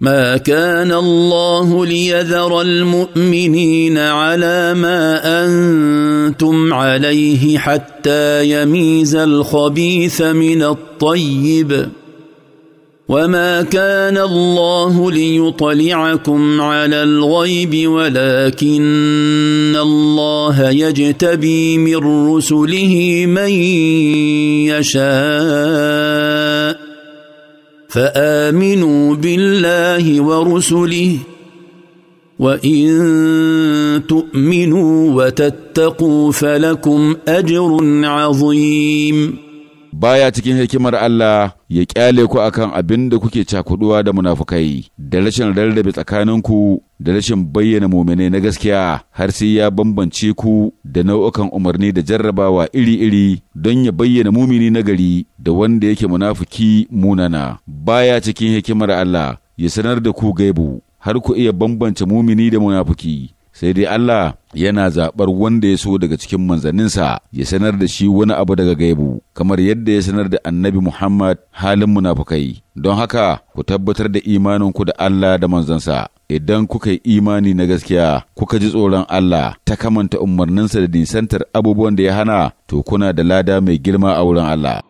ما كان الله ليذر المؤمنين على ما انتم عليه حتى يميز الخبيث من الطيب وما كان الله ليطلعكم على الغيب ولكن الله يجتبي من رسله من يشاء فامنوا بالله ورسله وان تؤمنوا وتتقوا فلكم اجر عظيم baya cikin hikimar Allah ya kyale ku akan abin da kuke cakuduwa da munafukai da rashin rarrabe tsakaninku da rashin bayyana muminai na gaskiya har sai ya bambance ku da nau'ukan umarni da jarrabawa iri-iri don ya bayyana mumini nagari da wanda yake munafuki munana baya cikin hikimar Allah ya sanar da ku gaibu har ku iya bambance mumini da munafuki sai dai Allah yana zaɓar wanda ya so daga cikin manzanninsa ya sanar da shi wani abu daga gaibu kamar yadda ya sanar da annabi Muhammad halin munafukai don haka ku tabbatar da imaninku da Allah da manzansa idan kuka yi imani na gaskiya kuka ji tsoron Allah ta kamanta umarninsa da nisantar abubuwan da ya hana to kuna da lada mai girma a wurin Allah